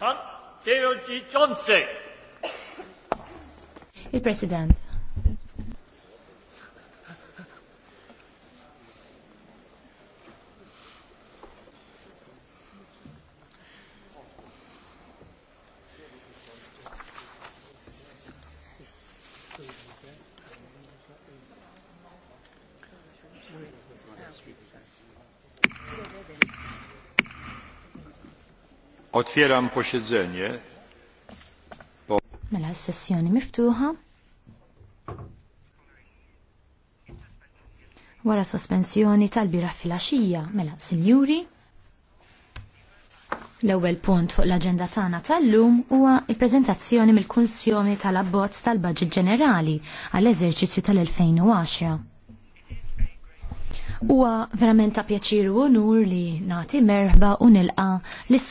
Pan Feroġi Ġonse. Il-President. Thank you. Otwieram posiedzenie. Mela s-sessjoni miftuħa. Wara sospensjoni tal-bira fil-axija, mela sinjuri. L-ewwel punt fuq l agenda tagħna tal-lum huwa l-preżentazzjoni mill-Kunsjoni tal-Abbozz tal-Baġġit Ġenerali għall-eżerċizzju tal-2010. Huwa verament ta' pjaċir u onur li nagħti merħba u nilqa' l